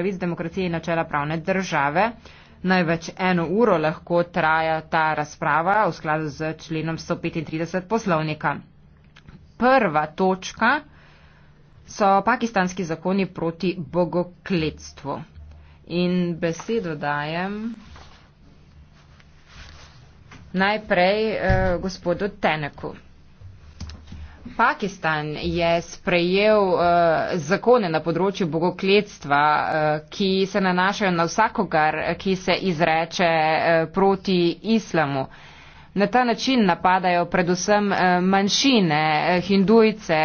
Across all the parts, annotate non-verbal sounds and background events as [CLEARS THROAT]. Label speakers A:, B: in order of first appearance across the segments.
A: pravic, demokracije in načela pravne države. Največ eno uro lahko traja ta razprava v skladu z členom 135 poslovnika. Prva točka so pakistanski zakoni proti bogokletstvu. In besedo dajem najprej eh, gospodu Teneku. Pakistan je sprejel uh, zakone na področju bogokletstva, uh, ki se nanašajo na vsakogar, ki se izreče uh, proti islamu. Na ta način napadajo predvsem manjšine, hindujce,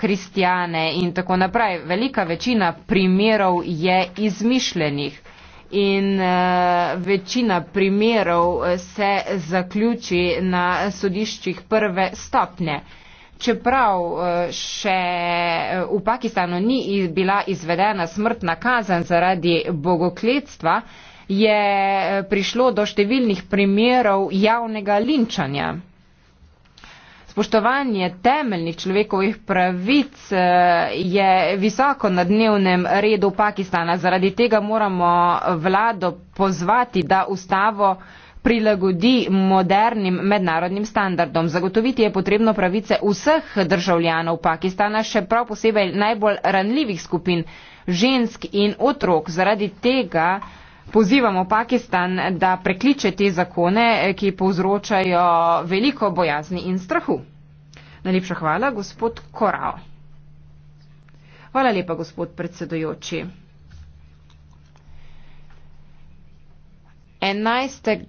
A: kristijane in tako naprej. Velika večina primerov je izmišljenih in večina primerov se zaključi na sodiščih prve stopnje. Čeprav eh, še eh, v Pakistanu ni bila izvedena smrtna kazen zaradi bogokletstva, je eh, prišlo do številnih primerov javnega linčanja. Spoštovanje temeljnih človekovih pravic je visoko na dnevnem redu Pakistana. Zaradi tega moramo vlado pozvati, da ustavo prilagodi modernim mednarodnim standardom. Zagotoviti je potrebno pravice vseh državljanov Pakistana, še prav posebej najbolj ranljivih skupin žensk in otrok. Zaradi tega pozivamo Pakistan, da prekliče te zakone, ki povzročajo veliko bojazni in strahu. Najlepša hvala, gospod Korao. Hvala lepa, gospod predsedujoči. 11. Eh,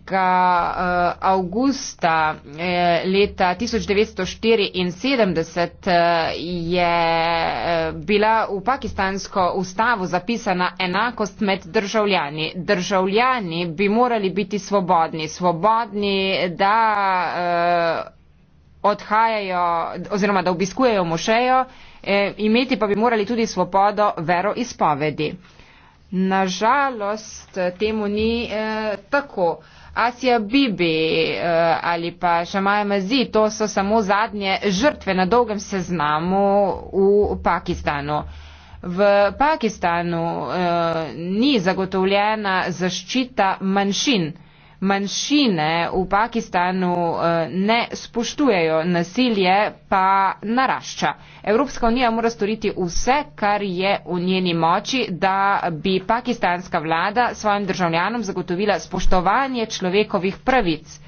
A: avgusta eh, leta 1974 eh, je bila v pakistansko ustavo zapisana enakost med državljani. Državljani bi morali biti svobodni, svobodni, da odhajajo oziroma da obiskujejo mošejo, imeti pa bi morali tudi svobodo veroizpovedi. Nažalost, temu ni eh, tako. Asija Bibi eh, ali pa Šamaja Mazi, to so samo zadnje žrtve na dolgem seznamu v Pakistanu. V Pakistanu eh, ni zagotovljena zaščita manjšin. Eh, manjšine v Pakistanu eh, ne spoštujejo, nasilje pa narašča. Evropska unija mora storiti vse, kar je v njeni moči, da bi pakistanska vlada svojim državljanom zagotovila spoštovanje človekovih pravic.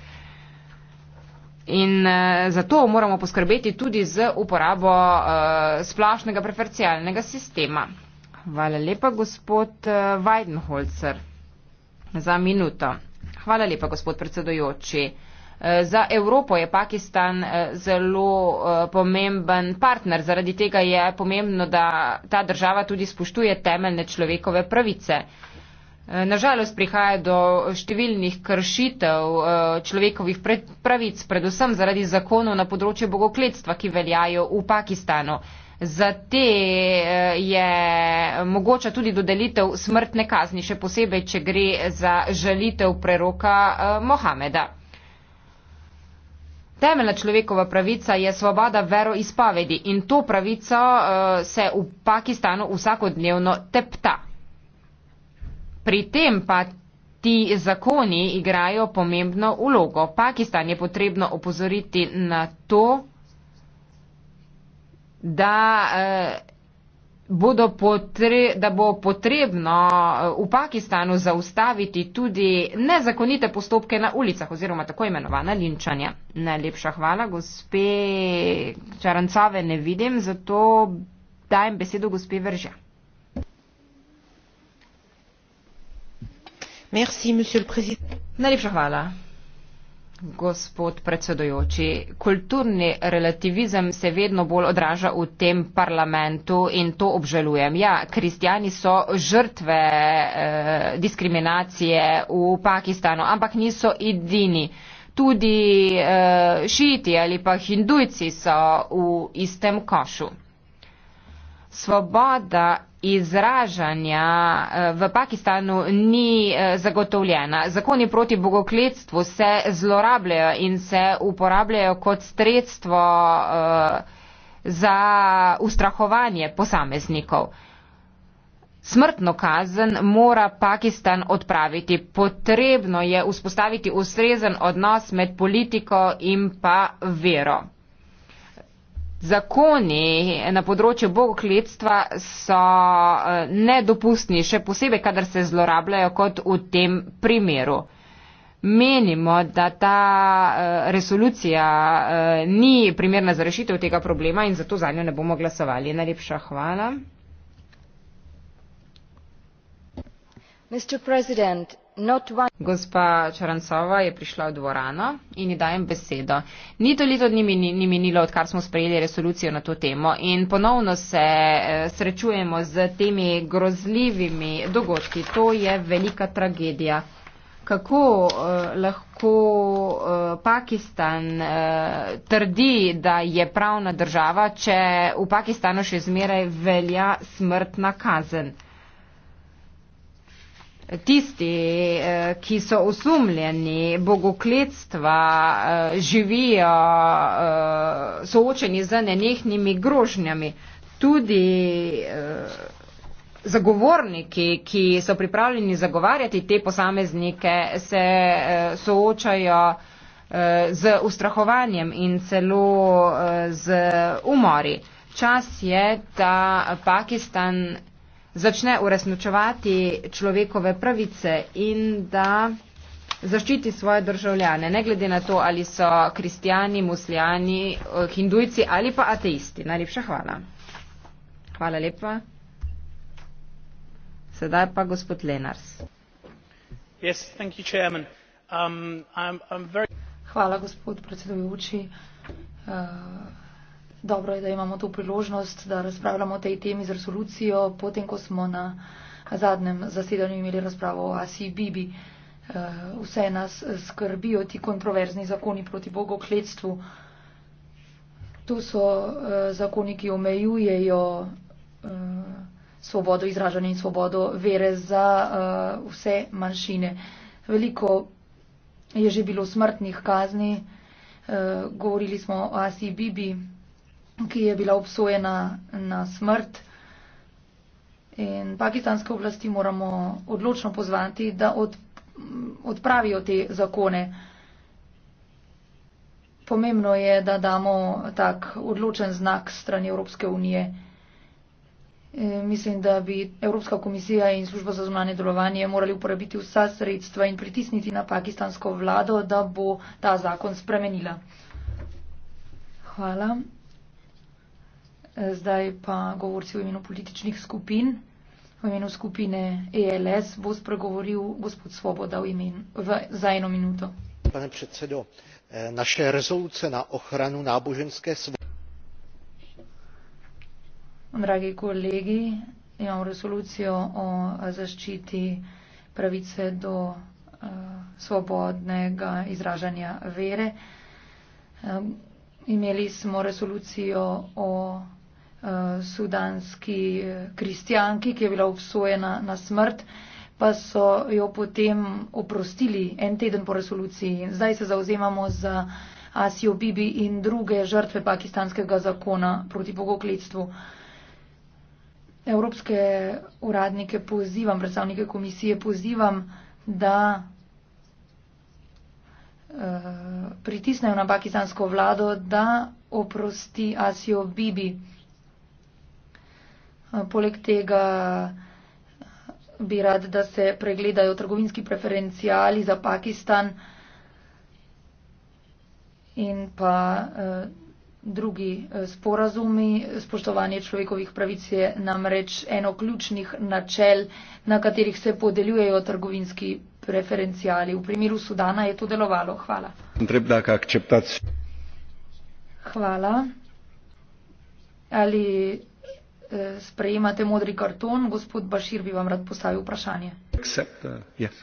A: In e, zato moramo poskrbeti tudi z uporabo e, splošnega preferencialnega sistema. Hvala lepa, gospod e, Weidenholzer, za minuto. Hvala lepa, gospod predsedojoči. E, za Evropo je Pakistan e, zelo e, pomemben partner. Zaradi tega je pomembno, da ta država tudi spoštuje temeljne človekove pravice. Nažalost prihaja do številnih kršitev človekovih pravic, predvsem zaradi zakonov na področju bogokletstva, ki veljajo v Pakistanu. Za te eh, je mogoča tudi dodelitev smrtne kazni, še posebej, če gre za žalitev preroka eh, Mohameda. Temeljna človekova pravica je svoboda veroizpovedi in to pravico eh, se v Pakistanu vsakodnevno tepta. Pri tem pa ti zakoni igrajo pomembno ulogo. Pakistan je potrebno opozoriti na to, da, eh, potre, da bo potrebno eh, v Pakistanu zaustaviti tudi nezakonite postopke na ulicah oziroma tako imenovana linčanja. Najlepša hvala, gospe Čarancave ne vidim, zato dajem besedo gospe Vrža. Najlepša hvala. Gospod predsedujoči, kulturni relativizem se vedno bolj odraža v tem parlamentu in to obžalujem. Ja, kristijani so žrtve eh, diskriminacije v Pakistanu, ampak niso edini. Tudi eh, šiti ali pa hindujci so v istem košu. Svoboda izražanja eh, v Pakistanu ni eh, zagotovljena. Zakoni proti bogokletstvu se zlorabljajo in se uporabljajo kot sredstvo eh, za ustrahovanje posameznikov. Smrtno kazen mora Pakistan odpraviti. Potrebno je vzpostaviti ustrezen odnos med politiko in pa vero. Zakoni na področju bogokletstva so eh, nedopustni, še posebej, kadar se zlorabljajo kot v tem primeru. Menimo, da ta eh, resolucija eh, ni primerna za rešitev tega problema in zato za njo ne bomo glasovali. Najlepša hvala. Mr. President, Gospa Čarancova je prišla v dvorano in ji dajem besedo. Ni toliko dni ni minilo, odkar smo sprejeli resolucijo na to temo in ponovno se eh, srečujemo z temi grozljivimi dogodki. To je velika tragedija. Kako uh, lahko uh, Pakistan uh, trdi, da je pravna država, če v Pakistanu še zmeraj velja smrtna kazen? tisti, eh, ki so osumljeni bogokletstva, eh, živijo eh, soočeni z nenehnimi grožnjami. Tudi zagovorniki, ki so pripravljeni zagovarjati te posameznike, se soočajo z ustrahovanjem in celo z umori. Čas je, da Pakistan začne uresničevati človekove pravice in da zaščiti svoje državljane, ne glede na to, ali so kristijani, muslijani, eh, hindujci ali pa ateisti. Najlepša hvala. Hvala lepa. Sedaj pa gospod Lenars.
B: Yes, thank you, um, I'm, I'm very... Hvala, gospod predsedujoči. Uh, dobro je, da imamo to priložnost, da razpravljamo o tej temi z resolucijo, potem ko smo na zadnjem zasedanju imeli razpravo o Asiji Bibi. Eh, vse nas skrbijo ti kontroverzni zakoni proti Bogu kletstvu. To so eh, zakoni, ki omejujejo eh, svobodo izražanja in svobodo vere za vse manjšine. Veliko je že bilo smrtnih kazni. Govorili smo o Asiji Bibi ki je bila obsojena na smrt. In pakistanske oblasti moramo odločno pozvati, da od, odpravijo te zakone. Pomembno je, da damo tak odločen znak strani Evropske unije. E, mislim, da bi Evropska komisija in služba za zunanje delovanje morali uporabiti vsa sredstva in pritisniti na pakistansko vlado, da bo ta zakon spremenila. Hvala zdaj pa govorci v imenu političnih skupin. V imenu skupine ELS bo spregovoril gospod Svoboda v imen, v, za eno minuto. Pane predsedo,
C: eh, naše rezoluce na ochranu náboženské svobody.
B: Dragi kolegi, imamo rezolucijo o zaščiti pravice do eh, svobodnega izražanja vere. Eh, imeli smo rezolucijo o Eh, sudanski eh, kristijanki, ki je bila obsojena na smrt, pa so jo potem oprostili en teden po resoluciji. Zdaj se zauzemamo za Asijo Bibi in druge žrtve pakistanskega zakona proti bogokletstvu. Evropske uradnike pozivam, predstavnike komisije pozivam, da eh, pritisnejo na pakistansko vlado, da oprosti Asijo Bibi. Poleg tega bi rad, da se pregledajo trgovinski preferencijali za Pakistan in pa drugi sporazumi. Spoštovanje človekovih pravic je namreč eno ključnih načel, na katerih se podeljujejo trgovinski preferencijali. V primeru Sudana je to delovalo. Hvala. Hvala. Ali Eh, sprejemate modri karton. Gospod Bašir bi vam rad postavil vprašanje.
C: Accept, uh, yes.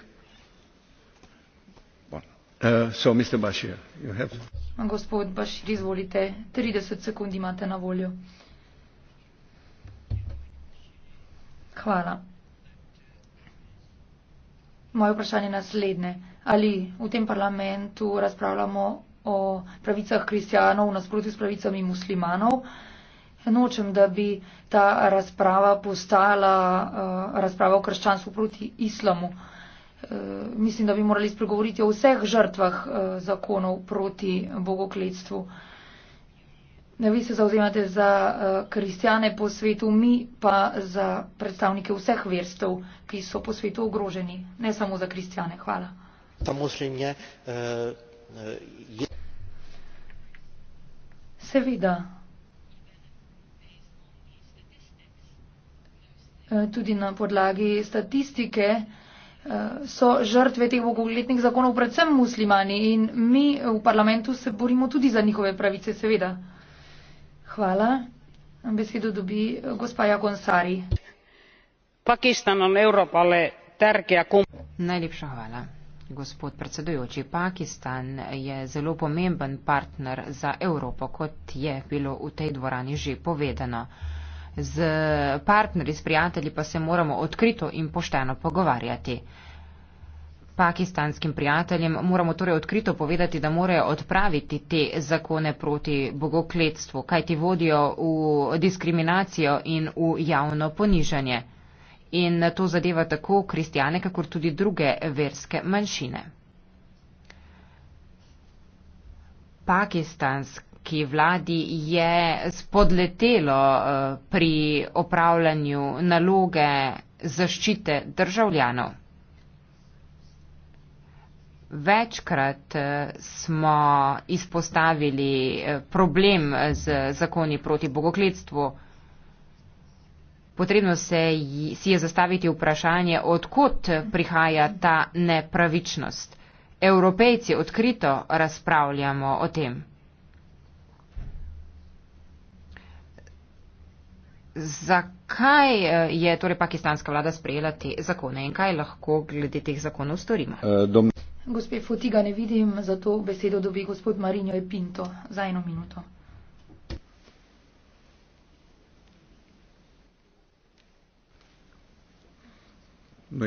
C: Uh, so, Mr. Bashir, you have...
B: Gospod Bašir, izvolite, 30 sekund imate na voljo. Hvala. Moje vprašanje je naslednje. Ali v tem parlamentu razpravljamo o pravicah kristijanov v nasprotju s pravicami muslimanov? Uh, nočem, da bi ta razprava postala uh, razprava o krščanstvu proti islamu. Uh, mislim, da bi morali spregovoriti o vseh žrtvah uh, zakonov proti bogokletstvu. Vi se zauzemate za uh, kristjane po svetu, mi pa za predstavnike vseh verstev, ki so po svetu ogroženi, ne samo za kristjane. Hvala.
C: Seveda. Uh,
B: uh, je... Eh, tudi na podlagi statistike, eh, so žrtve teh bogoletnih zakonov predvsem muslimani in mi v parlamentu se borimo tudi za njihove pravice, seveda. Hvala. Besedo dobi eh, gospa Jagonsari.
A: Pakistan on Euroopale tärkeä kum... Najlepša hvala. Gospod predsedujoči, Pakistan je zelo pomemben partner za Evropo, kot je bilo v tej dvorani že povedano z partnerji, s prijatelji pa se moramo odkrito in pošteno pogovarjati. Pakistanskim prijateljem moramo torej odkrito povedati, da morajo odpraviti te zakone proti bogokletstvu, kaj ti vodijo v diskriminacijo in v javno ponižanje. In to zadeva tako kristijane, kakor tudi druge verske manjšine. Pakistansk slovenski vladi je spodletelo eh, pri opravljanju naloge zaščite državljanov. Večkrat eh, smo izpostavili eh, problem z zakoni proti bogokletstvu. Potrebno se si je zastaviti vprašanje, odkot prihaja ta nepravičnost. Evropejci odkrito razpravljamo o tem. zakaj eh, je torej pakistanska vlada sprejela te zakone in kaj lahko glede teh zakonov storimo? E,
B: Gospe Fotiga ne vidim, zato besedo dobi gospod Marinjo Epinto za eno minuto. No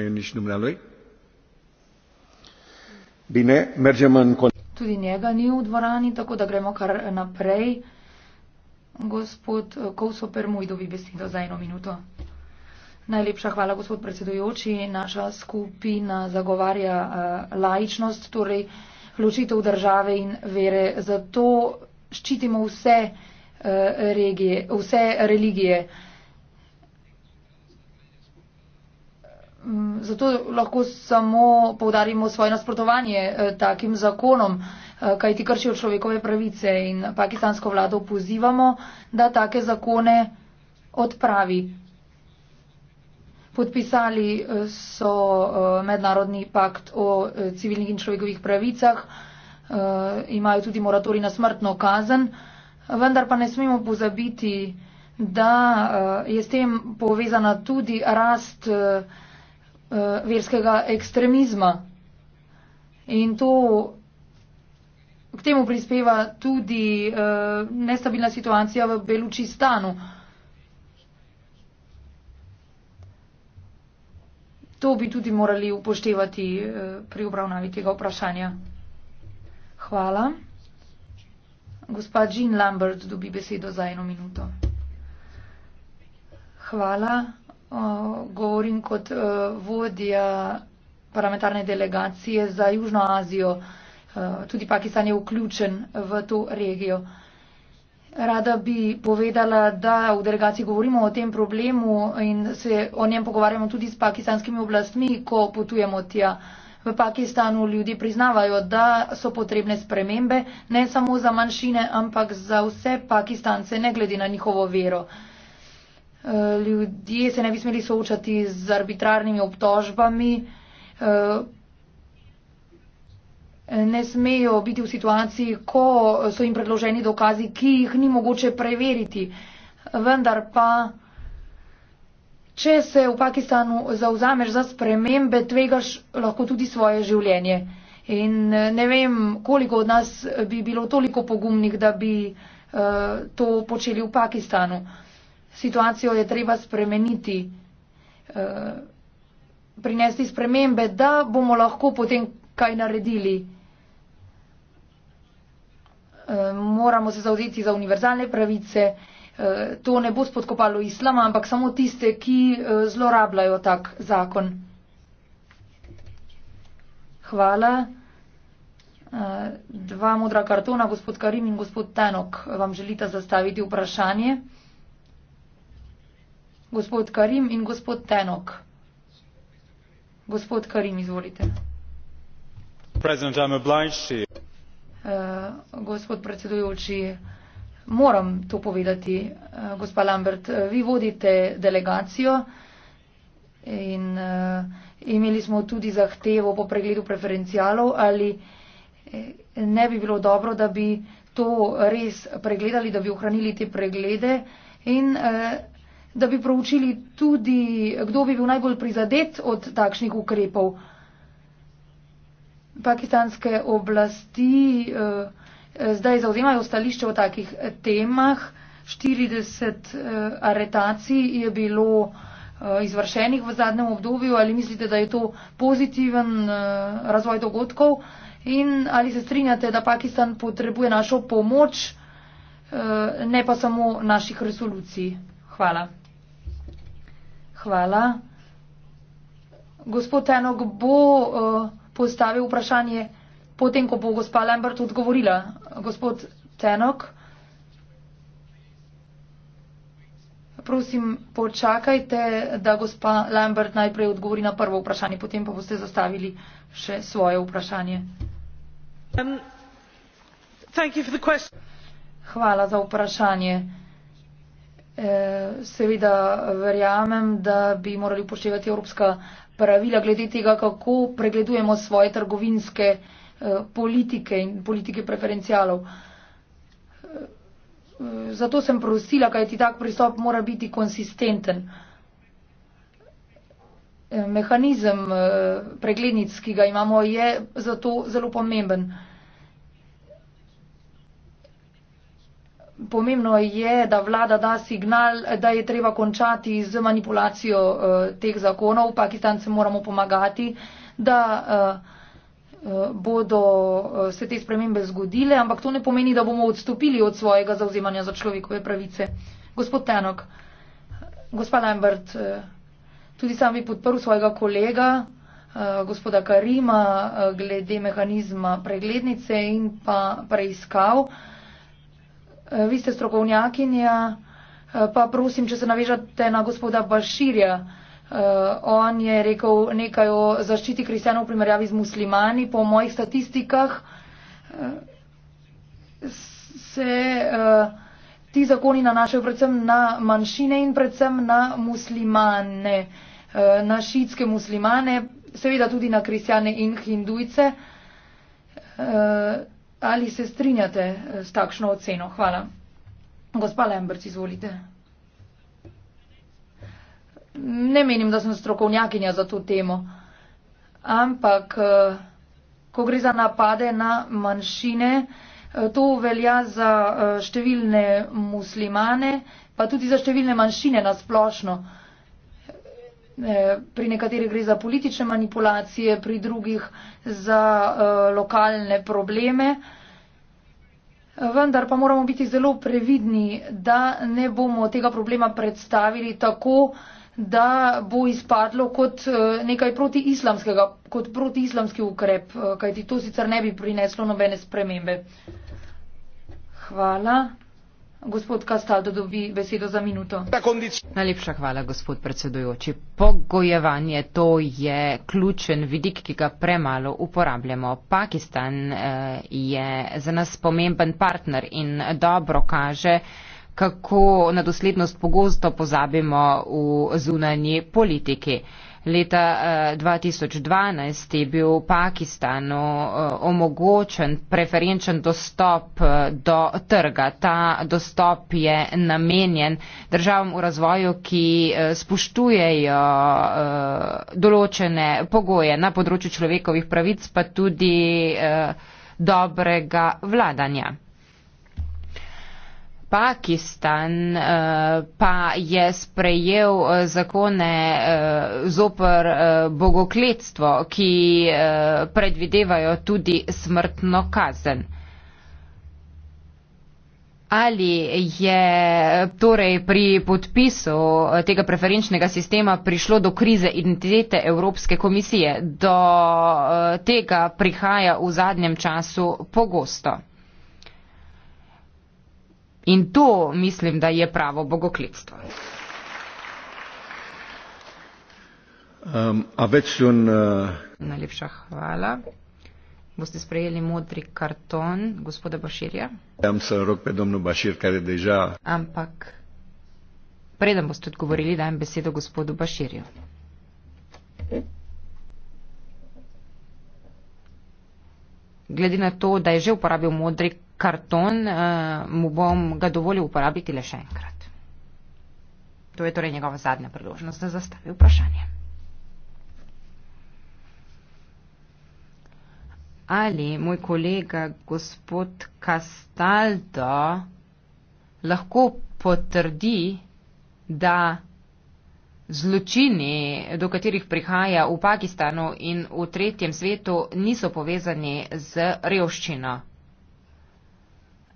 B: Tudi njega ni v dvorani, tako da gremo kar naprej. Gospod Kovso Permuj, dobi besedo za eno minuto. Najlepša hvala, gospod predsedujoči. Naša skupina zagovarja uh, laičnost, torej ločitev države in vere. Zato ščitimo vse, uh, regije, vse religije. Mm, zato lahko samo povdarimo svoje nasprotovanje uh, takim zakonom. Uh, Eh, kaj ti kršijo človekove pravice in pakistansko vlado pozivamo, da take zakone odpravi. Podpisali eh, so eh, mednarodni pakt o civilnih in človekovih pravicah, imajo tudi moratori na smrtno kazen, vendar pa ne smemo pozabiti, da je s tem povezana tudi rast verskega ekstremizma. In to K temu prispeva tudi uh, nestabilna situacija v Belučistanu. To bi tudi morali upoštevati uh, pri obravnavi tega vprašanja. Hvala. Gospa Jean Lambert dobi besedo za eno minuto. Hvala. Uh, govorim kot uh, vodja parlamentarne delegacije za Južno Azijo. Eh, tudi Pakistan je vključen v to regijo. Rada bi povedala, da v delegaciji govorimo o tem problemu in se o njem pogovarjamo tudi s pakistanskimi oblastmi, ko potujemo tja. V Pakistanu ljudje priznavajo, da so potrebne spremembe, ne samo za manjšine, ampak za vse pakistance, ne glede na njihovo vero. Eh, ljudje se ne bi smeli soočati z arbitrarnimi obtožbami, eh, ne smejo biti v situaciji, ko so jim predloženi dokazi, ki jih ni mogoče preveriti. Vendar pa, če se v Pakistanu zauzameš za spremembe, tvegaš lahko tudi svoje življenje. In ne vem, koliko od nas bi bilo toliko pogumnih, da bi uh, to počeli v Pakistanu. Situacijo je treba spremeniti, uh, prinesti spremembe, da bomo lahko potem kaj naredili. Eh, moramo se zauzeti za univerzalne pravice. Eh, to ne bo spodkopalo islama, ampak samo tiste, ki eh, zlorabljajo tak zakon. Hvala. Dva modra kartona, gospod Karim in gospod Tenok, vam želite zastaviti vprašanje. Gospod Karim in gospod Tenok. Gospod Karim, izvolite.
C: President, I'm obliged to you.
B: Eh, gospod predsedujoči, moram to povedati, eh, gospa Lambert, eh, vi vodite delegacijo in imeli smo tudi zahtevo po pregledu preferencialov, ali ne bi bilo dobro, da bi to res pregledali, da bi ohranili te preglede in da bi proučili tudi, kdo bi bil najbolj prizadet od takšnih ukrepov pakistanske oblasti eh, zdaj zauzemajo stališče o takih temah. 40 eh, aretacij je bilo eh, izvršenih v zadnjem obdobju. Ali mislite, da je to pozitiven razvoj dogodkov? In ali se strinjate, da Pakistan potrebuje našo pomoč, ne pa samo naših resolucij? Hvala. Hvala. Gospod Tenok bo uh, postavil vprašanje potem, ko bo gospa Lambert odgovorila. Gospod Tenok, prosim, počakajte, da gospa Lambert najprej odgovori na prvo vprašanje, potem pa boste zastavili še svoje vprašanje. Um, Hvala za vprašanje. Eh, seveda verjamem, da bi morali upoštevati Evropska unija pravila glede tega, kako pregledujemo svoje trgovinske eh, politike in politike preferencialov. Eh, eh, zato sem prosila, kaj ti tak pristop mora biti konsistenten. Mehanizem preglednic, ki ga imamo, je zato zelo pomemben. pomembno je, da vlada da signal, da je treba končati z manipulacijo uh, teh zakonov. Pakistancem moramo pomagati, da uh, bodo uh, se te spremembe zgodile, ampak to ne pomeni, da bomo odstopili od svojega zauzemanja za človekove pravice. Gospod Tenok, gospa Lambert, uh, tudi sam bi podprl svojega kolega. Gospoda Karima glede mehanizma preglednice in pa preiskav. Eh, vi ste strokovnjakinja, eh, pa prosim, če se navežate na gospoda Baširja. Eh, on je rekel nekaj o zaščiti kristjanov v primerjavi z muslimani. Po mojih statistikah se ti zakoni nanašajo predvsem na manjšine in predvsem na muslimane, na šitske muslimane, seveda tudi na kristjane in hindujce. Ali se strinjate eh, s takšno oceno? Hvala. Gospa Lemberc, izvolite. Ne menim, da sem strokovnjakinja za to temo, ampak eh, ko gre za napade na manjšine, eh, to velja za številne muslimane, pa tudi za številne manjšine nasplošno. splošno. Eh, pri nekaterih gre za politične manipulacije, pri drugih za eh, lokalne probleme. Vendar pa moramo biti zelo previdni, da ne bomo tega problema predstavili tako, da bo izpadlo kot eh, nekaj protiislamskega, kot protiislamski ukrep, kajti to sicer ne bi prineslo nobene spremembe. Hvala. Gospod Kastado dobi besedo za
A: minuto. Najlepša hvala, gospod predsedujoči. Pogojevanje to je ključen vidik, ki ga premalo uporabljamo. Pakistan eh, je za nas pomemben partner in dobro kaže, kako na doslednost pogosto pozabimo v zunanji politiki. Leta 2012 eh, je bil v Pakistanu eh, omogočen preferenčen dostop eh, do trga. Ta dostop je namenjen državam v razvoju, ki spoštujejo določene pogoje na področju človekovih pravic, pa tudi dobrega vladanja. Pakistan eh, pa je sprejel eh, zakone eh, zopr bogokletstvo, ki predvidevajo tudi smrtno kazen. Ali je torej pri podpisu tega preferenčnega sistema prišlo do krize identitete Evropske komisije? Do tega prihaja v zadnjem času pogosto. In to mislim, da je pravo bogoklitstvo. Um, a več on. Uh... Najlepša hvala. Boste sprejeli modri karton gospoda Baširja?
C: Jaz sem rok pred domno Bašir, kar je deža.
A: Ampak preden boste odgovorili, dajem besedo gospodu Baširju. Okay. glede na to, da je že uporabil modri karton, eh, mu bom ga dovolil uporabiti le še enkrat. To je torej njegova zadnja priložnost, da zastavi vprašanje. Ali moj kolega gospod Castaldo lahko potrdi, da Zločini, do katerih prihaja v Pakistanu in v tretjem svetu, niso povezani z revščino.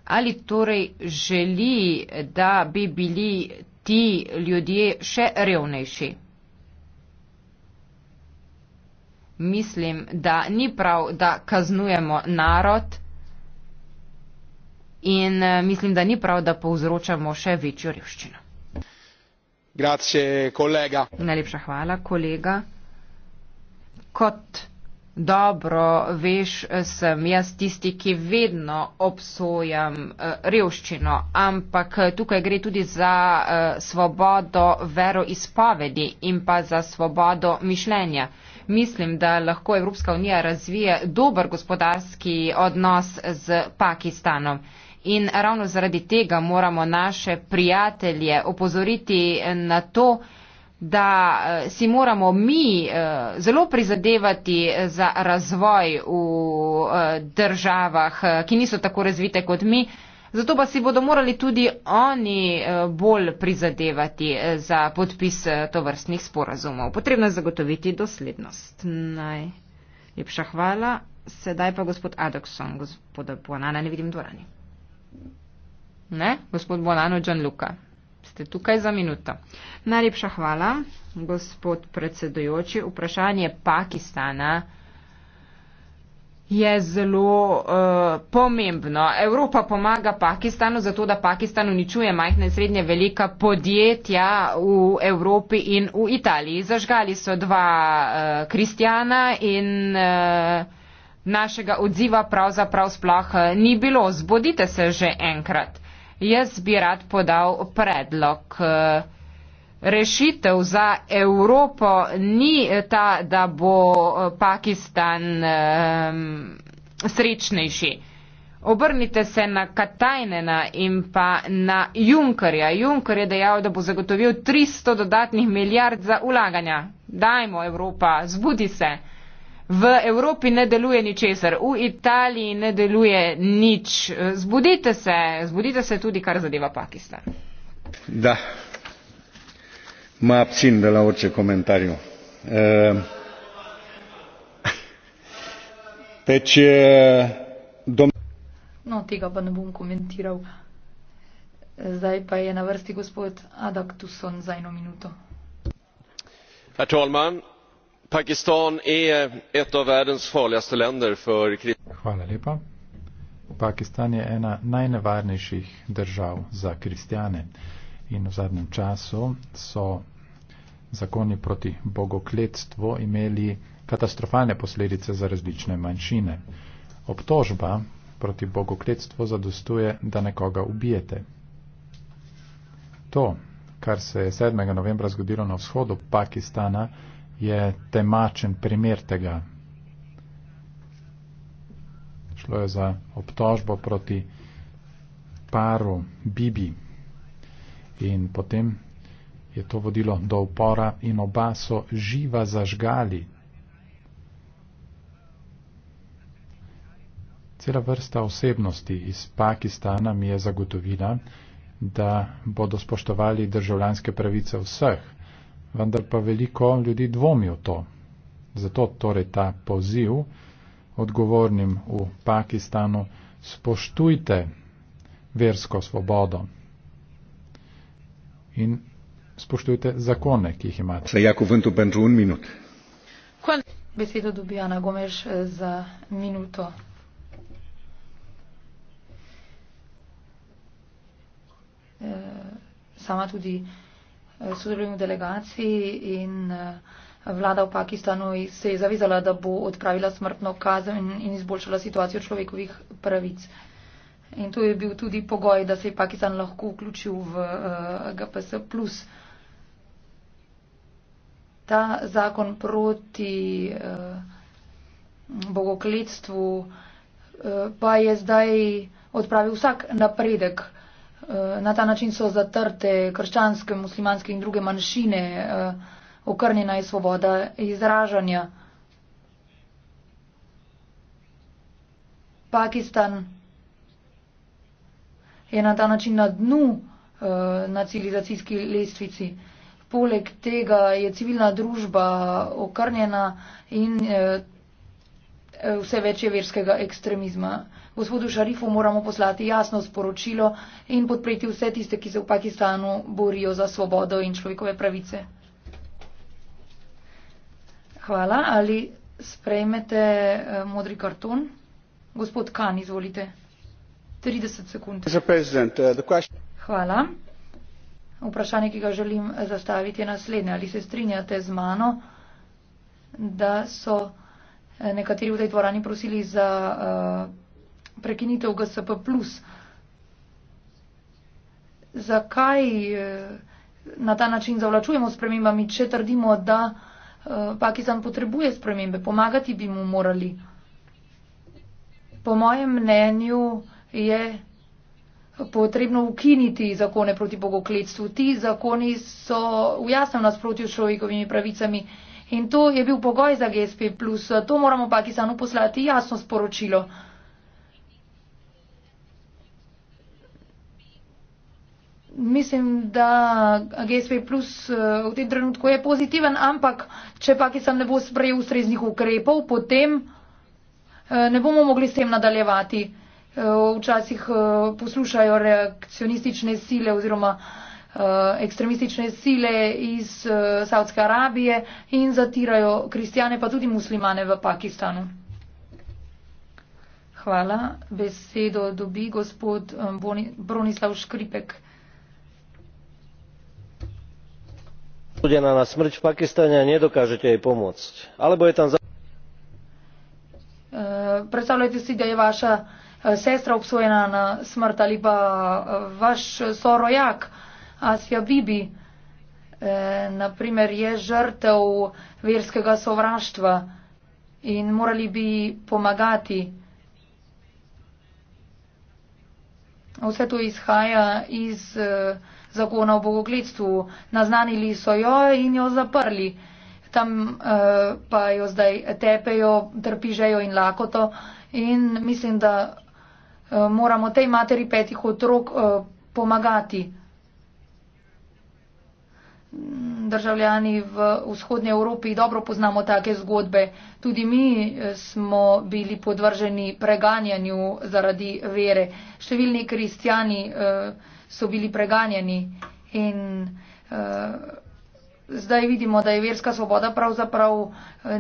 A: Ali torej želi, da bi bili ti ljudje še revnejši? Mislim, da ni prav, da kaznujemo narod in eh, mislim, da ni prav, da povzročamo še večjo revščino.
C: Grazie, collega.
A: Najlepša hvala, kolega. Kot dobro veš, sem jaz tisti, ki vedno obsojam eh, revščino, ampak eh, tukaj gre tudi za eh, svobodo veroizpovedi in pa za svobodo mišljenja. Mislim, da lahko Evropska unija razvije dober gospodarski odnos z Pakistanom. In ravno zaradi tega moramo naše prijatelje opozoriti eh, na to, da eh, si moramo mi eh, zelo prizadevati za razvoj v državah, ki niso tako razvite kot mi, zato pa si bodo morali tudi oni bolj prizadevati za podpis tovrstnih sporazumov. Potrebno je zagotoviti doslednost. Najlepša hvala. Sedaj pa gospod Adokson, gospoda Puanana, ne vidim dvorani. Ne, gospod Bolano Đanluka, ste tukaj za minuto. Najlepša hvala, gospod predsedujoči. Vprašanje Pakistana je zelo uh, pomembno. Evropa pomaga Pakistanu zato, da Pakistan uničuje majhne in srednje velika podjetja v Evropi in v Italiji. Zažgali so dva uh, kristjana in. Uh, Našega odziva pravzaprav sploh eh, ni bilo. Zbudite se že enkrat. Jaz bi rad podal predlog. Eh, rešitev za Evropo ni eh, ta, da bo Pakistan um, srečnejši. Obrnite se na Katajnena in pa na Junkerja. Junker je dejal, da bo zagotovil 300 dodatnih milijard za ulaganja. Dajmo Evropa, zbudi se. V Evropi ne deluje ničesar, v Italiji ne deluje nič. Zbudite se, zbudite se tudi, kar zadeva Pakistan.
C: Da, ima psin, da lauče komentarju. E ehm, [LAUGHS] uh, dom...
B: No, tega pa ne bom komentiral. Zdaj pa je na vrsti gospod Adaktuson za eno minuto.
A: Herr Tolman, pakistan
C: är ett av världens farligaste länder för Hvala lepa. Pakistan je ena najnevarnejših držav za kristjane in v zadnjem času so zakoni proti bogokletstvu imeli katastrofalne posledice za različne manjšine. Obtožba proti bogokletstvu zadostuje, da nekoga ubijete. To, kar se je 7. novembra zgodilo na vzhodu Pakistana, je temačen primer tega. Šlo je za obtožbo proti paru Bibi in potem je to vodilo do upora in oba so živa zažgali. Cela vrsta osebnosti iz Pakistana mi je zagotovila, da bodo spoštovali državljanske pravice vseh vendar pa veliko ljudi dvomi v to. Zato torej ta poziv odgovornim v Pakistanu spoštujte versko svobodo in spoštujte zakone, ki jih imate. Se jako vntu pentru un minut.
B: Besedo dobi Ana Gomeš eh, za minuto. E, sama tudi sodelujem v delegaciji in eh, vlada v Pakistanu se je zavizala, da bo odpravila smrtno kazen in izboljšala situacijo človekovih pravic. In to je bil tudi pogoj, da se je Pakistan lahko vključil v eh, GPS. Ta zakon proti eh, bogokletstvu pa je zdaj odpravil vsak napredek Eh, na ta način so zatrte krščanske, muslimanske in druge manjšine, eh, okrnjena je svoboda izražanja. Pakistan je na ta način na dnu eh, na civilizacijski lestvici. Poleg tega je civilna družba okrnjena in vse več je verskega ekstremizma gospodu Šarifu moramo poslati jasno sporočilo in podpreti vse tiste, ki se v Pakistanu borijo za svobodo in človekove pravice. Hvala. Ali sprejmete eh, modri karton? Gospod Khan, izvolite. 30 sekund.
C: Eh,
B: Hvala. Vprašanje, ki ga želim eh, zastaviti, je naslednje. Ali se strinjate z mano, da so nekateri v tej dvorani prosili za uh, prekinitev GSP. Zakaj eh, na ta način zavlačujemo spremembami, če trdimo, da eh, Pakistan potrebuje spremembe, pomagati bi mu morali? Po mojem mnenju je potrebno ukiniti zakone proti bogokletstvu. Ti zakoni so v jasnem nasprotju s človekovimi pravicami in to je bil pogoj za GSP. To moramo Pakistanu poslati jasno sporočilo. mislim, da GSP plus eh, v tem trenutku je pozitiven, ampak če Pakistan ne bo sprejel ustreznih ukrepov, potem eh, ne bomo mogli s tem nadaljevati. Eh, včasih poslušajo reakcionistične sile oziroma ekstremistične sile iz Saudske Arabije in zatirajo kristjane, pa tudi muslimane v Pakistanu. Hvala. Besedo dobi gospod Bronislav Škripek. odsúdená na smrť v pakistane a nedokážete jej pomôcť. Alebo je tam za... Eh, predstavujete si, da je vaša eh, sestra obsojena na smrt ali pa eh, vaš sorojak Asja Bibi, naprimer, je žrtev verskega sovraštva in morali bi pomagati. Vse to izhaja iz uh, zakona o bogogledstvu. Naznanili so jo in jo zaprli. Tam eh, pa jo zdaj tepejo, trpižejo in lakoto. In mislim, da eh, moramo tej materi petih otrok eh, pomagati državljani v vzhodnji Evropi dobro poznamo take zgodbe. Tudi mi eh, smo bili podvrženi preganjanju zaradi vere. Številni kristijani eh, so bili preganjani in eh, zdaj vidimo, da je verska svoboda pravzaprav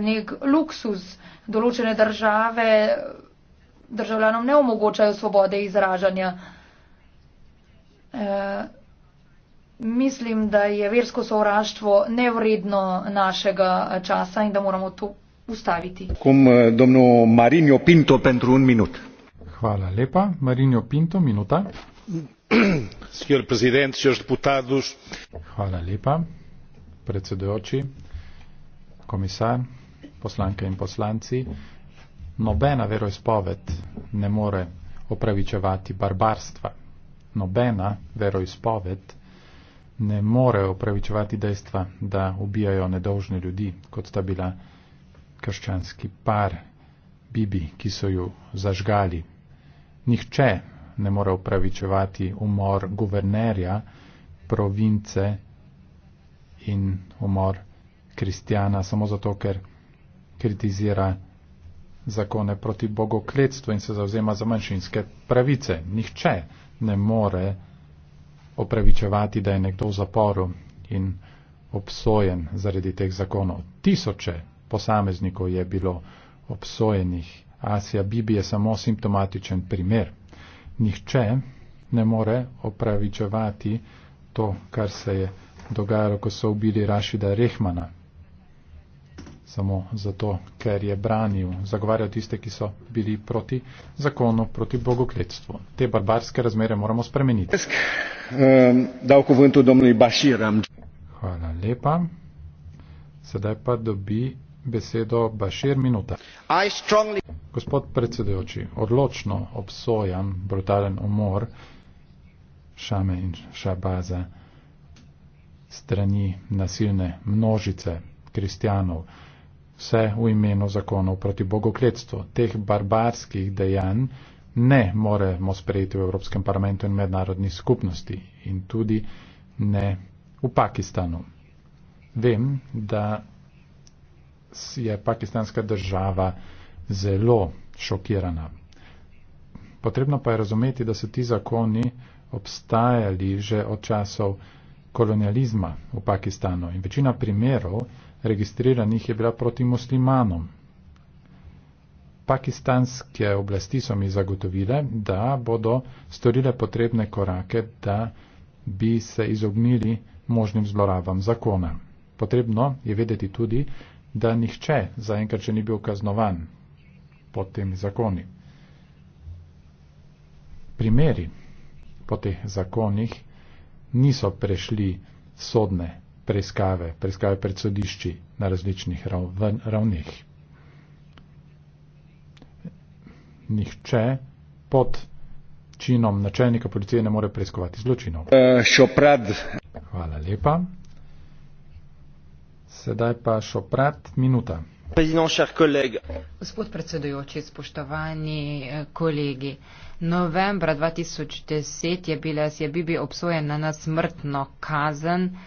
B: nek luksus. Določene države državljanom ne omogočajo svobode izražanja. Mislim, da je versko sovraštvo nevredno našega časa in da moramo to ustaviti.
C: Kom, eh, domno Marinjo Pinto, pentru un minut. Hvala lepa. Marinjo Pinto, minuta. Signor [CLEARS THROAT] president, signor deputados. Hvala lepa. Predsedujoči, komisar, poslanke in poslanci. Nobena veroizpoved ne more opravičevati barbarstva. Nobena veroizpoved ne more ne morejo upravičevati dejstva, da ubijajo nedolžne ljudi, kot sta bila krščanski par Bibi, ki so ju zažgali. Nihče ne more upravičevati umor guvernerja province in umor kristjana samo zato, ker kritizira zakone proti bogokletstvu in se zauzema za manjšinske pravice. Nihče ne more upravičevati opravičevati, da je nekdo v zaporu in obsojen zaradi teh zakonov. Tisoče posameznikov je bilo obsojenih. Asija Bibi je samo simptomatičen primer. Nihče ne more opravičevati to, kar se je dogajalo, ko so ubili Rašida Rehmana, samo zato, ker je branil, zagovarjal tiste, ki so bili proti zakonu, proti bogokletstvu. Te barbarske razmere moramo spremeniti. Ehm, Hvala lepa. Sedaj pa dobi besedo Bašir Minuta. Gospod predsedujoči, odločno obsojam brutalen umor Šame in Šabaza strani nasilne množice kristjanov vse v imenu zakonov proti bogokletstvu. Teh barbarskih dejanj ne moremo sprejeti v Evropskem parlamentu in mednarodni skupnosti in tudi ne v Pakistanu. Vem, da je pakistanska država zelo šokirana. Potrebno pa je razumeti, da so ti zakoni obstajali že od časov kolonializma v Pakistanu in večina primerov registriranih je bila proti muslimanom. Pakistanske oblasti so mi zagotovile, da bodo storile potrebne korake, da bi se izognili možnim zlorabam zakona. Potrebno je vedeti tudi, da nihče zaenkrat še ni bil kaznovan pod temi zakoni. Primeri po teh zakonih niso prešli sodne preiskave, preiskave pred sodišči na različnih rav, ravneh. Nihče pod činom načelnika policije ne more preiskovati zločinov. Eh, Šoprad. Hvala lepa. Sedaj pa šoprat minuta.
A: Gospod predsedujoči, spoštovani eh, kolegi. Novembra 2010 je bila Sjabibi obsojena na smrtno kazen.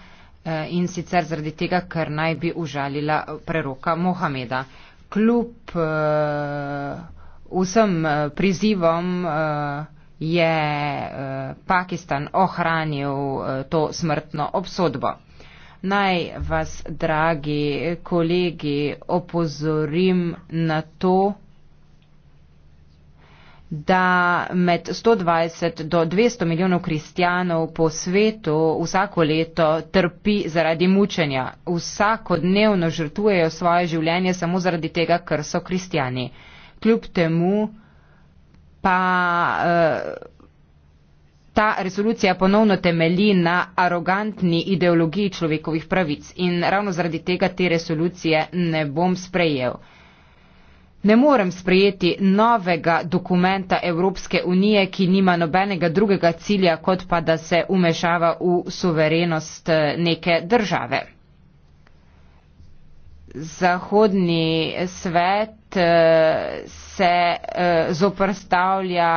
A: Eh, in sicer zaradi tega, ker naj bi užalila preroka Mohameda. Kljub eh, vsem eh, prizivom je Pakistan ohranil to smrtno obsodbo. Naj vas, dragi kolegi, opozorim na to, da med 120 do 200 milijonov kristijanov po svetu vsako leto trpi zaradi mučenja. Vsakodnevno žrtvujejo svoje življenje samo zaradi tega, ker so kristijani. Kljub temu pa eh, ta resolucija ponovno temelji na arogantni ideologiji človekovih pravic in ravno zaradi tega te resolucije ne bom sprejel. Ne morem sprejeti novega dokumenta Evropske unije, ki nima nobenega drugega cilja, kot pa da se umešava v suverenost eh, neke države. Zahodni svet eh, se eh, zoprstavlja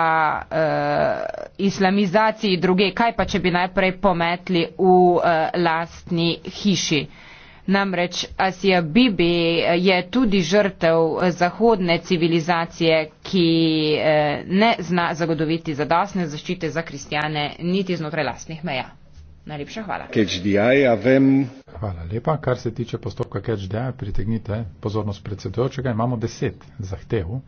A: islamizaciji druge, kaj pa če bi najprej pometli v lastni hiši. Namreč Asija Bibi je tudi žrtev zahodne civilizacije, ki eh, ne zna zagotoviti zadostne zaščite za kristijane niti znotraj lastnih meja. Najlepša hvala.
C: Hvala lepa. Kar se tiče postopka KHDI, pritegnite pozornost predsedujočega. Imamo deset zahtev.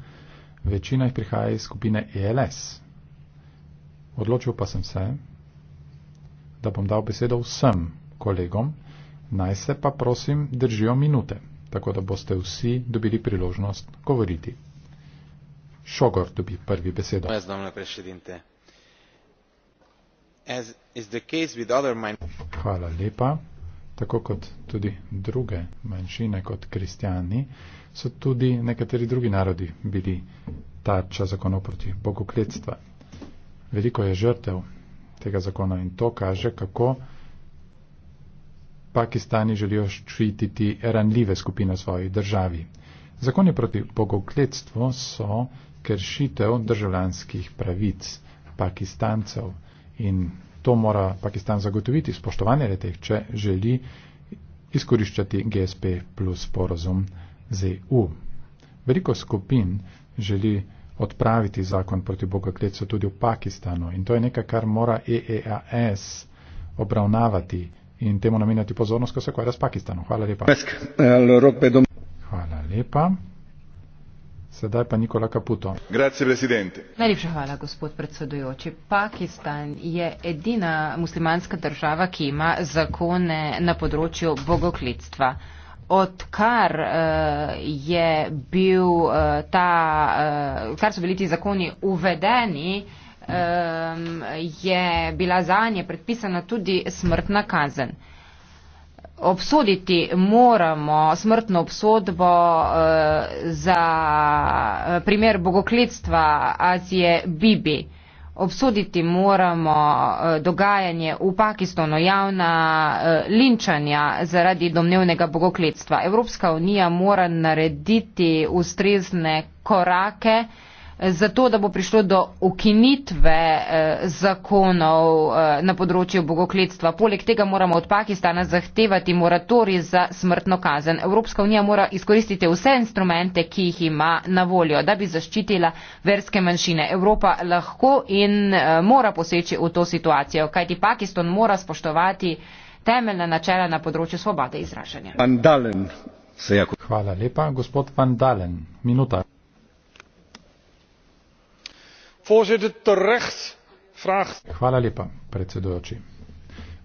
C: Večina jih prihaja iz skupine ELS. Odločil pa sem se, da bom dal besedo vsem kolegom, Naj se pa prosim držijo minute, tako da boste vsi dobili priložnost govoriti. Šogor dobi prvi besedo. Hvala lepa. Tako kot tudi druge manjšine, kot kristijani, so tudi nekateri drugi narodi bili tarča zakonov proti bogokletstva. Veliko je žrtev tega zakona in to kaže, kako Pakistani želijo ščititi ranljive skupine v svoji državi. Zakoni proti bogokletstvu so kršitev državljanskih pravic Pakistancev in to mora Pakistan zagotoviti spoštovanje leteh, če želi izkoriščati GSP plus porozum z EU. Veliko skupin želi odpraviti zakon proti bogokletstvu tudi v Pakistanu in to je nekaj, kar mora EEAS obravnavati in temu namenjati pozornost, ko se ukvarja s Pakistanom. Hvala lepa. Eh, hvala lepa. Sedaj pa Nikola Caputo.
A: Najlepša hvala, gospod predsedujoči. Pakistan je edina muslimanska država, ki ima zakone na področju bogoklitstva. Odkar uh, je bil uh, ta, uh, kar so bili ti zakoni uvedeni, uh, um, je bila za nje predpisana tudi smrtna kazen. Obsoditi moramo smrtno obsodbo uh, za eh, primer bogokletstva Azije Bibi. Obsoditi moramo eh, dogajanje v Pakistanu, javna linčanja zaradi domnevnega bogokletstva. Evropska unija mora narediti ustrezne korake zato, da bo prišlo do ukinitve eh, zakonov eh, na področju bogokletstva. Poleg tega moramo od Pakistana zahtevati moratori za smrtno kazen. Evropska unija mora izkoristiti vse instrumente, ki jih ima na voljo, da bi zaščitila verske manjšine. Evropa lahko in eh, mora poseči v to situacijo, kajti Pakistan mora spoštovati temeljna načela na področju svobode izražanja.
C: Hvala lepa, gospod Van Dalen. Minuta voorzitter,
A: terecht
C: vraagt. Hvala lepa, predsedujoči.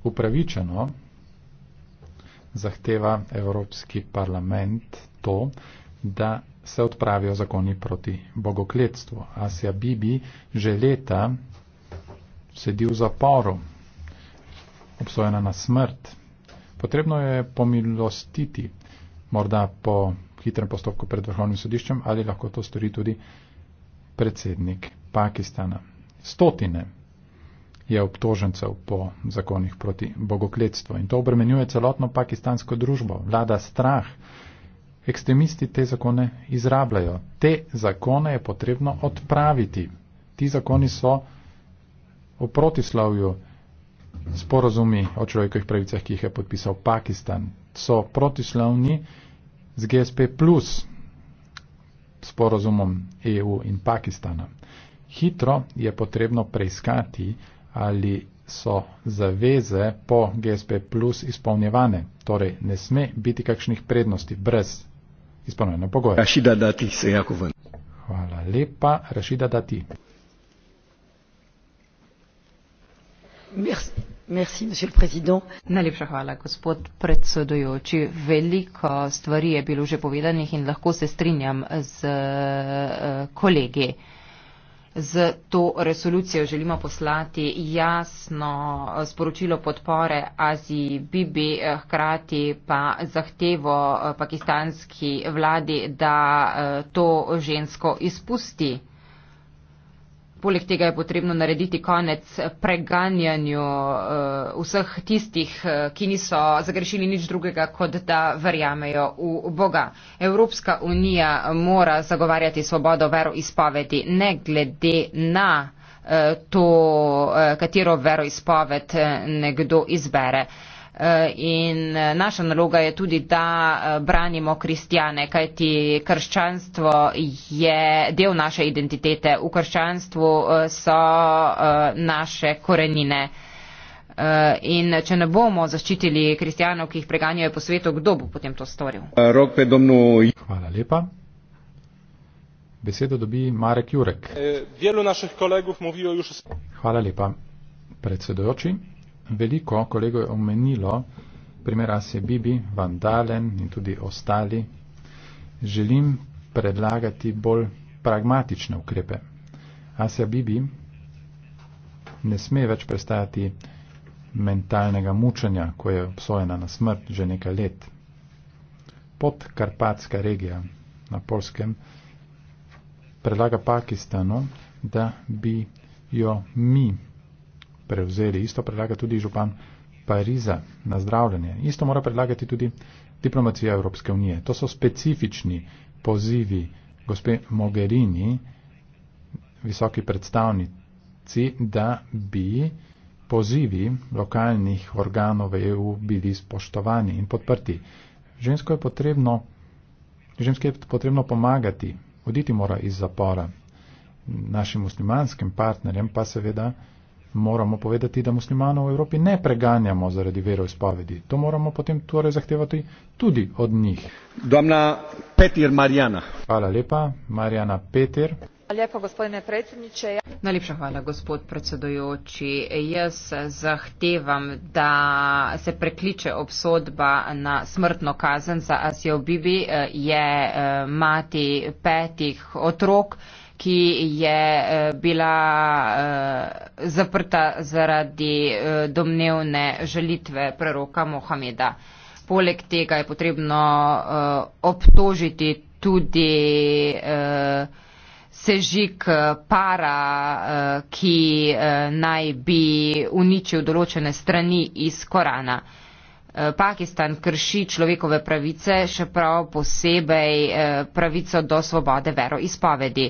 C: Upravičeno zahteva Evropski parlament to, da se odpravijo zakoni proti bogokletstvu. Asja Bibi že leta sedi v zaporu, obsojena na smrt. Potrebno jo je pomilostiti, morda po hitrem postopku pred vrhovnim sodiščem ali lahko to stori tudi predsednik Pakistana. Stotine je obtožencev po zakonih proti bogokletstvu in to obremenjuje celotno pakistansko družbo. Vlada strah. Ekstremisti te zakone izrabljajo. Te zakone je potrebno odpraviti. Ti zakoni so v protislavju sporozumi o človekovih pravicah, ki jih je podpisal Pakistan. So protislavni z GSP plus sporozumom EU in Pakistana. Hitro je potrebno preiskati, ali so zaveze po GSP plus izpolnjevane. Torej, ne sme biti kakšnih prednosti brez izpolnjene pogoje. Rašida Dati se jako ven. Hvala lepa, Rašida Dati.
A: Merci. Merci, Najlepša hvala, gospod predsedujoči. Veliko stvari je bilo že povedanih in lahko se strinjam z uh, kolegi z to resolucijo želimo poslati jasno eh, sporočilo podpore Aziji Bibi, eh, hkrati pa zahtevo eh, pakistanski vladi, da to žensko izpusti. Poleg tega je potrebno narediti konec preganjanju uh, vseh tistih, eh, ki niso zagrešili nič drugega, kot da verjamejo v Boga. Evropska unija mora zagovarjati svobodo veroizpovedi, ne glede na uh, to, uh, katero veroizpoved nekdo izbere. Uh, Eh, in eh, naša naloga je tudi, da eh, branimo kristjane, kajti krščanstvo je del naše identitete, v krščanstvu so naše korenine. In če ne bomo zaščitili kristjanov, ki jih preganjajo po svetu, kdo bo potem to storil?
C: Hvala lepa. Besedo dobi Marek Jurek. Hvala lepa. Predsedujoči veliko kolego je omenilo, primer Asje Bibi, Vandalen in tudi ostali, želim predlagati bolj pragmatične ukrepe. Asja Bibi ne sme več prestajati mentalnega mučenja, ko je obsojena na smrt že nekaj let. Podkarpatska regija na Polskem predlaga Pakistanu, da bi jo mi prevzeli. Isto predlaga tudi župan Pariza na zdravljenje. Isto mora predlagati tudi diplomacija Evropske unije. To so specifični pozivi gospe Mogherini, visoki predstavnici, da bi pozivi lokalnih organov EU bili spoštovani in podprti. Žensko je potrebno, žensko je potrebno pomagati, oditi mora iz zapora. Našim muslimanskim partnerjem pa seveda Moramo povedati, da muslimanov v Evropi ne preganjamo zaradi veroizpovedi. To moramo potem torej zahtevati tudi od njih. Domna Petir Marjana. Hvala lepa, Marjana Petir.
A: Lepo, gospodine predsedniče. Najlepša hvala, gospod predsedujoči. Jaz zahtevam, da se prekliče obsodba na smrtno kazen za Asijo Bibi, je eh, mati petih otrok ki je eh, bila eh, zaprta zaradi eh, domnevne žalitve proroka Mohameda. Poleg tega je potrebno obtožiti tudi sežik para, ki naj bi uničil določene strani iz Korana. Pakistan krši človekove pravice, še prav posebej pravico do svobode veroizpovedi.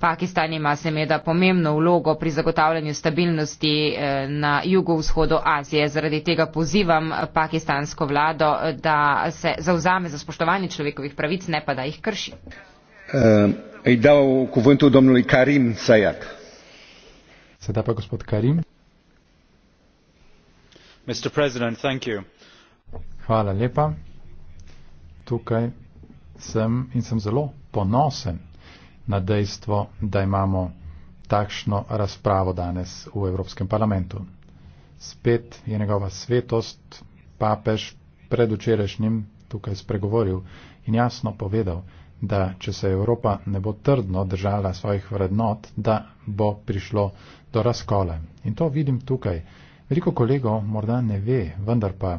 A: Pakistan ima seveda pomembno vlogo pri zagotavljanju stabilnosti eh, na jugovzhodu Azije. Zaradi tega pozivam pakistansko vlado, eh, da se zauzame za spoštovanje človekovih pravic, ne pa da jih krši.
C: Eh, Sedaj pa gospod Karim. Hvala lepa. Tukaj sem in sem zelo ponosen na dejstvo, da imamo takšno razpravo danes v Evropskem parlamentu. Spet je njegova svetost papež predvčerajšnjim tukaj spregovoril in jasno povedal, da če se Evropa ne bo trdno držala svojih vrednot, da bo prišlo do razkole. In to vidim tukaj. Veliko kolegov morda ne ve, vendar pa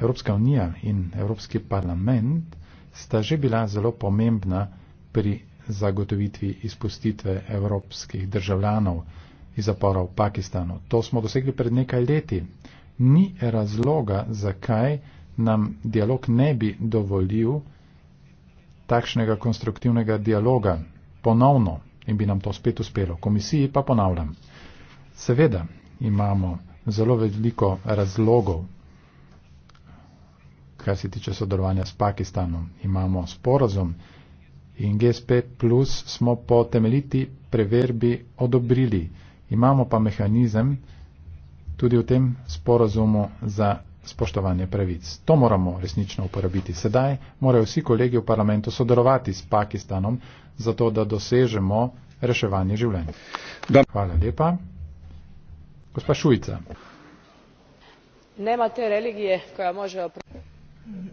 C: Evropska unija in Evropski parlament sta že bila zelo pomembna pri zagotovitvi izpustitve evropskih državljanov iz zapora v Pakistanu. To smo dosegli pred nekaj leti. Ni razloga, zakaj nam dialog ne bi dovolil takšnega konstruktivnega dialoga ponovno in bi nam to spet uspelo. Komisiji pa ponavljam. Seveda imamo zelo veliko razlogov, kar se tiče sodelovanja s Pakistanom. Imamo sporazum, in GSP plus smo po temeljiti preverbi odobrili. Imamo pa mehanizem tudi v tem sporazumu za spoštovanje pravic. To moramo resnično uporabiti. Sedaj morajo vsi kolegi v parlamentu sodelovati s Pakistanom, zato da dosežemo reševanje življenja. Da. Hvala lepa.
A: Gospa Šujca. Nema te religije,
B: koja može opraviti.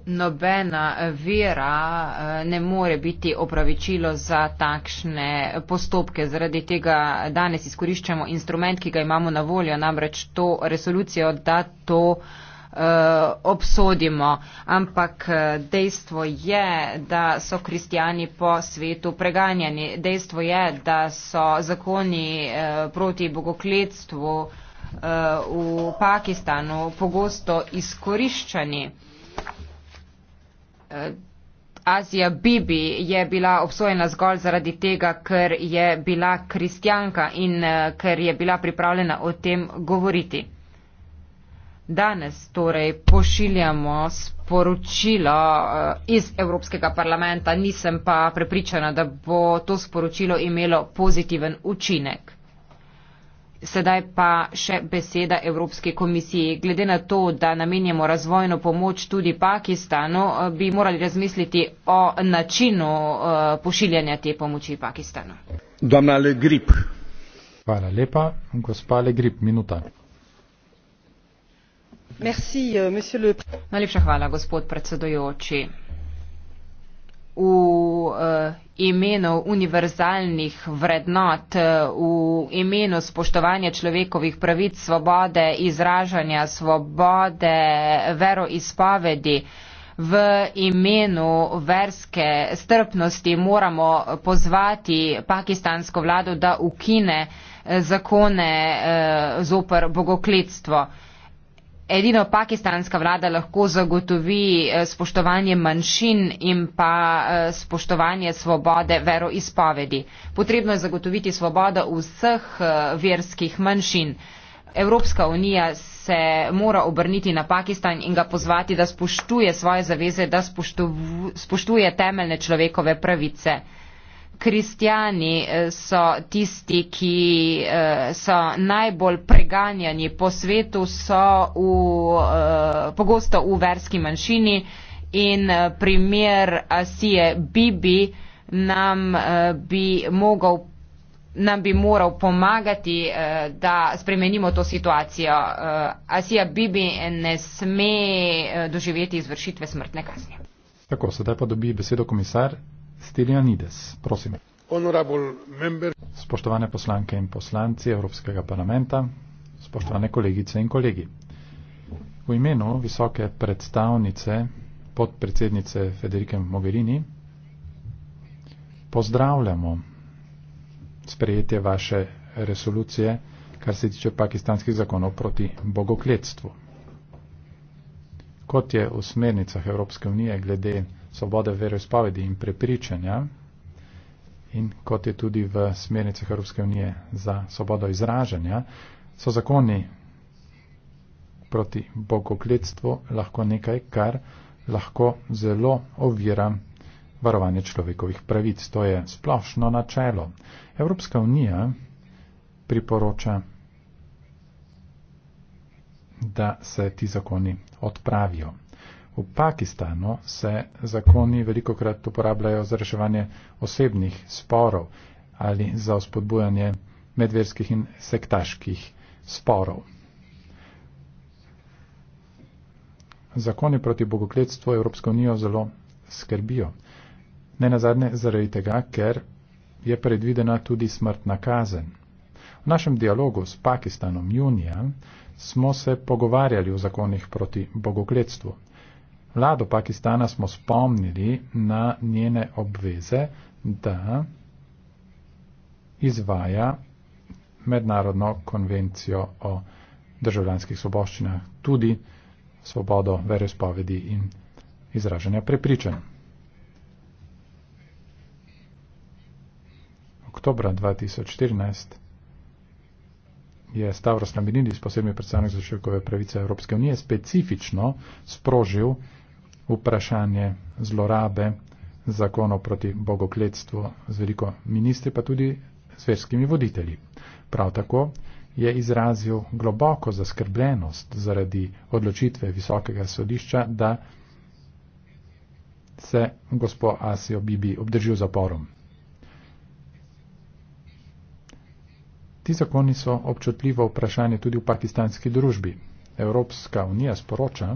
A: Nobena vera eh, ne more biti opravičilo za takšne postopke. Zaradi tega danes izkoriščamo instrument, ki ga imamo na voljo, namreč to resolucijo, da to eh, obsodimo. Ampak eh, dejstvo je, da so kristijani po svetu preganjani. Dejstvo je, da so zakoni proti bogokletstvu v Pakistanu pogosto izkoriščani. Eh, Azija Bibi je bila obsojena zgolj zaradi tega, ker je bila kristjanka in eh, ker je bila pripravljena o tem govoriti. Danes torej pošiljamo sporočilo eh, iz Evropskega parlamenta, nisem pa prepričana, da bo to sporočilo imelo pozitiven učinek. Sedaj pa še beseda Evropske komisije. Glede na to, da namenjamo razvojno pomoč tudi Pakistanu, eh, bi morali razmisliti o načinu eh, pošiljanja te pomoči Pakistanu.
C: Domna Le Grip. Hvala lepa. Gospa Le Grip, minuta.
A: Merci, euh, le... Najlepša hvala, gospod predsedojoči v eh, imenu univerzalnih vrednot, eh, v imenu spoštovanja človekovih pravic, svobode izražanja, svobode veroizpovedi, v imenu verske strpnosti moramo pozvati pakistansko vlado, da ukine eh, zakone zoper bogokletstvo edino pakistanska vlada lahko zagotovi eh, spoštovanje manjšin in pa eh, spoštovanje svobode veroizpovedi. Potrebno je zagotoviti svobodo vseh eh, verskih manjšin. Evropska unija se mora obrniti na Pakistan in ga pozvati, da spoštuje svoje zaveze, da spoštuje temeljne človekove pravice kristijani eh, so tisti, ki eh, so najbolj preganjani po svetu, so v, eh, pogosto v verski manjšini in primer Asije Bibi nam bi mogel nam bi moral pomagati, da spremenimo to situacijo. Asija Bibi ne sme doživeti izvršitve smrtne kazni.
C: Tako, sedaj pa dobi besedo komisar Stilianides. Prosim. Spoštovane poslanke in poslanci Evropskega parlamenta, spoštovane kolegice in kolegi. V imenu visoke predstavnice podpredsednice Federike Mogherini pozdravljamo sprejetje vaše resolucije, kar se tiče pakistanskih zakonov proti bogokletstvu. Kot je v smernicah Evropske unije glede svobode veroizpovedi in prepričanja in kot je tudi v smernicah Evropske unije za svobodo izražanja, so zakoni proti bogokletstvu lahko nekaj, kar lahko zelo ovira varovanje človekovih pravic. To je splošno načelo. Evropska unija priporoča, da se ti zakoni odpravijo. V Pakistanu se zakoni veliko krat uporabljajo za reševanje osebnih sporov ali za spodbujanje medverskih in sektaških sporov. Zakoni proti bogokletstvu Evropsko unijo zelo skrbijo. Ne nazadnje zaradi tega, ker je predvidena tudi smrtna kazen. V našem dialogu s Pakistanom junija smo se pogovarjali o zakonih proti bogokletstvu. Vlado Pakistana smo spomnili na njene obveze, da izvaja mednarodno konvencijo o državljanskih svoboščinah, tudi svobodo verespovedi in izražanja prepričanj. Oktobra 2014 je Stavros Naminidis, posebni predstavnik za človekove pravice Evropske unije, specifično sprožil vprašanje zlorabe zakonov proti bogokletstvu z veliko ministri, pa tudi s verskimi voditelji. Prav tako je izrazil globoko zaskrbljenost zaradi odločitve visokega sodišča, da se gospod Asijo Bibi obdržil zaporom. Ti zakoni so občutljivo vprašanje tudi v pakistanski družbi. Evropska unija sporoča,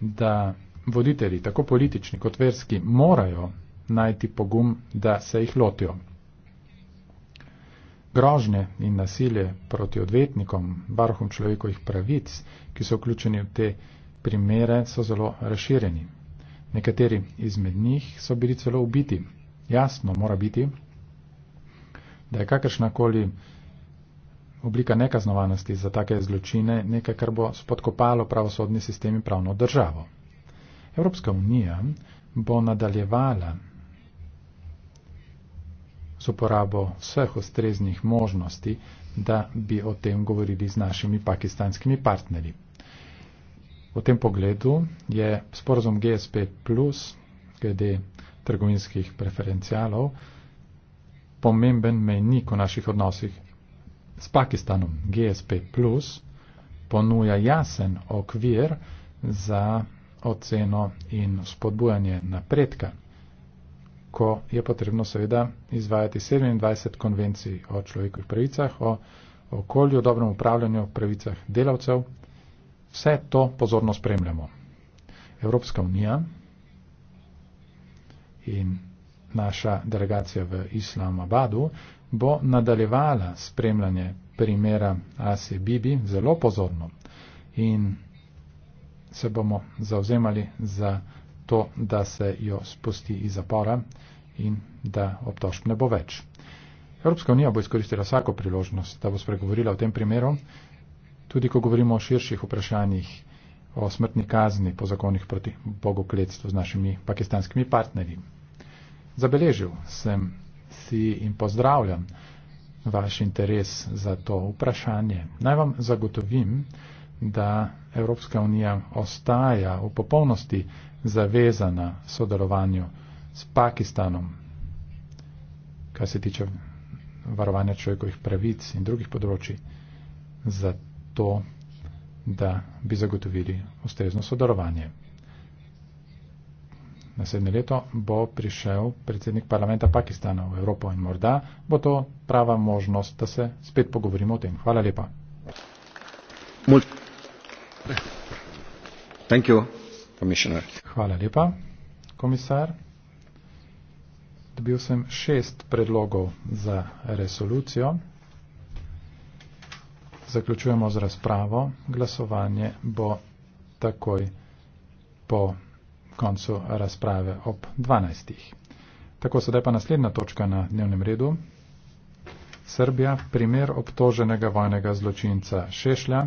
C: da voditelji, tako politični kot verski, morajo najti pogum, da se jih lotijo. Grožne in nasilje proti odvetnikom, varuhom človekovih pravic, ki so vključeni v te primere, so zelo razširjeni. Nekateri izmed njih so bili celo ubiti. Jasno mora biti, da je kakršnakoli oblika nekaznovanosti za take zločine nekaj, kar bo spodkopalo pravosodni sistem in pravno državo. Evropska unija bo nadaljevala z uporabo vseh ustreznih možnosti, da bi o tem govorili z našimi pakistanskimi partnerji. V tem pogledu je sporozum GSP plus glede trgovinskih preferencialov pomemben mejnik v naših odnosih s Pakistanom. GSP plus ponuja jasen okvir za oceno in spodbujanje napredka, ko je potrebno seveda izvajati 27 konvencij o človekovih pravicah, o okolju, dobrem upravljanju, pravicah delavcev. Vse to pozorno spremljamo. Evropska unija in naša delegacija v Islamabadu bo nadaljevala spremljanje primera Asi Bibi zelo pozorno in se bomo zauzemali za to, da se jo spusti iz zapora in da obtožb ne bo več. Evropska unija bo izkoristila vsako priložnost, da bo spregovorila o tem primeru, tudi ko govorimo o širših vprašanjih, o smrtni kazni po zakonih proti bogokletstvu z našimi pakistanskimi partnerji. Zabeležil sem si in pozdravljam vaš interes za to vprašanje. Naj vam zagotovim, da Evropska unija ostaja v popolnosti zavezana sodelovanju s Pakistanom, kar se tiče varovanja človekovih pravic in drugih področji, zato, da bi zagotovili ustrezno sodelovanje. Naslednje leto bo prišel predsednik parlamenta Pakistana v Evropo in morda bo to prava možnost, da se spet pogovorimo o tem. Hvala lepa. Molto. Thank you, Commissioner. Hvala lepa, komisar. Dobil sem šest predlogov za resolucijo. Zaključujemo z razpravo. Glasovanje bo takoj po koncu razprave ob 12. Tako sedaj pa naslednja točka na dnevnem redu. Srbija, primer obtoženega vojnega zločinca Šešlja,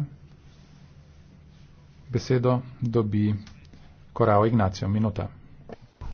C: besedo dobi Korao Ignacio Minuta.